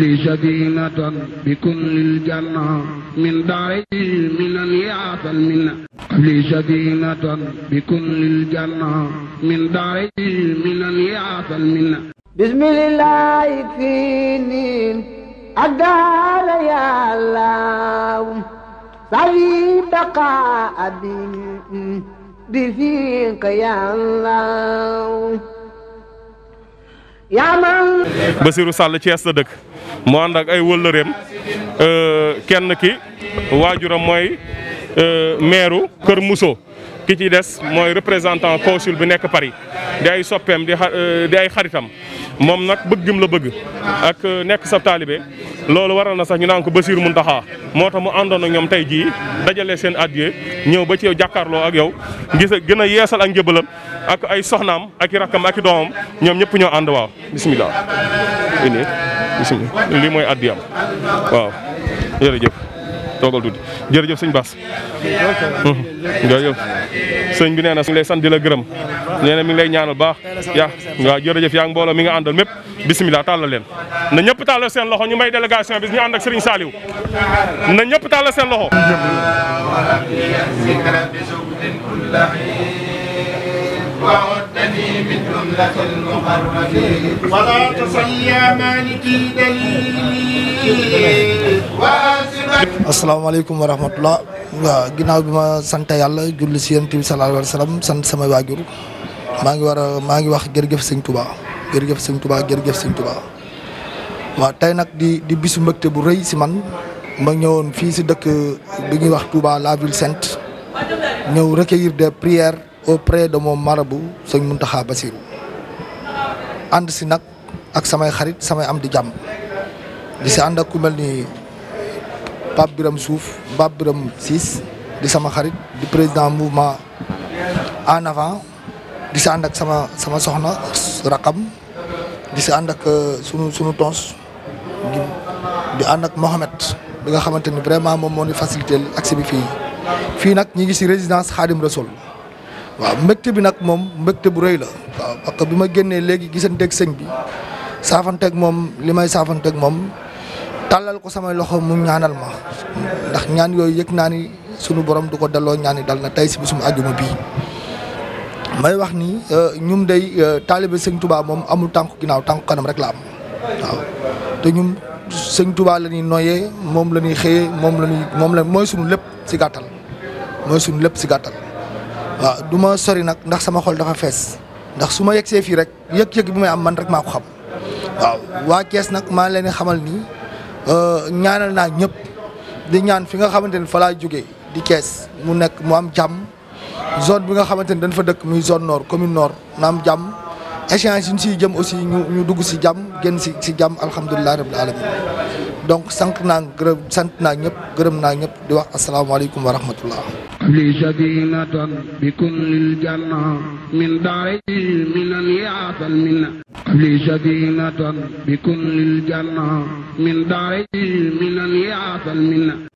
li sadinatan bi kullil janna min daari minan yaatal minna li sadinatan bi kullil janna min daari minan yaatal minna bismillahi finin adara ya allah sari baqa abin bi fiqa ya allah Basirou Sall Thiès la dëkk mu ànd ak ay wëllëreem euh, kenn ki waajuram mooy euh, meeru Kër Mousso ki ci des mooy représentant consul bu nekk Paris di ay soppeem di euh, ay xaritam moom nag bëggum la bëgg ak nekk sa taalibe loolu waral na sax ñu naan ko mun Muntaxa moo tax mu àndoon ak ñoom tey jii dajale seen addiya ñëw ba ci yow jàkkaarloo ak yow gis gën a yeesal ak njëbalam ak ay soxnaam ak i rakkam ak i doomam ñoom ñëpp ñoo ànd waaw bisimilah. ini bisimilah lii mooy addiyam waaw jërëjëf. toogal tuuti jërëjëf sëñ Bass. jërëjëf sëñ bi nee na su lay sant di la gërëm nee na mi ngi lay ñaanal baax yaa waaw jërëjëf yaa ngi mbooloo mi nga àndal mépp bisimilah tàllal leen na ñëpp tàllal seen loxo ñu may délégation bi ñu ànd ak Serigne Saliou na ñëpp tàllal seen loxo. وعدني من جملة المقربين ولا تصل يا مالكي دليلي asalaamaaleykum wa rahmatulah waaw ginnaaw bi ma sant yàlla julli si yonent bi sallallahu alayhi wa sant samay waajur maa ngi war a maa ngi wax jërëjëf sëñ Touba jërëjëf sëñ Touba jërëjëf sëñ Touba. tey nag di di bisu mbégte bu rëy si man ma ñëwoon fii si dëkk bi ñuy wax tuuba la ville sainte ñëw recueillir des prières auprès de mon bu sëñ Mountakha Bassirou ànd si nag ak samay xarit samay am di jàmm di si ànd ak ku mel ni Pape Biram Suuf Pape Biram Siis di sama xarit di président mouvement en avant di si ànd ak sama sama soxna Rakam di si ànd ak euh, sunu sunu tons di ànd ak Mohamed bi nga xamante ni vraiment moom moo ni facilité accès bi fii fii nag ñi ngi si résidence Khadim Rasoul waaw mbégte bi nag moom mbégte bu rëy la. waaw parce que bi ma génnee léegi gisanteeg sëñ bi saafanteeg moom li may saafanteeg moom. tàllal ko samay loxo mu ñaanal ma ndax ñaan yooyu yëg naa ni sunu borom du ko delloo ñaan yi dal na tey si bisum àjjuma bii may wax ni euh, ñum day euh, taalibe sëñ tubaa moom amul tànku ginnaaw tànku kanam rek la am waaw te ñum sëñ tubaa lañuy ñuy moom la ñuy xëyee moom la moom la mooy sunu lépp si gàttal mooy sunu lépp si gàttal waaw du ma sori nag ndax sama xol dafa fees ndax su ma yegsee fii rek yëg-yëg bi may am man rek maa ko xam waaw waa Kees nag maa leen xamal ni. Euh, ñaanal naa ñëpp di ñaan fi nga xamante ni fa laa jóge di kees mu nekk mu am jàmm zone bi nga xamante ni dañ fa dëkk muy zone nord commune nord na am jàmm échange yi ñu si jëm aussi ñu ñu dugg si jàmm génn si si jàmm alhamdulilah rabbil alamin donc sant naa gërëm sant naa ñëpp gërëm naa ñëpp di wax asalaamaaleykum wa rahmatullah li sadinatan bi li sadinatan bi kun lil janna min daari minan yaatal minna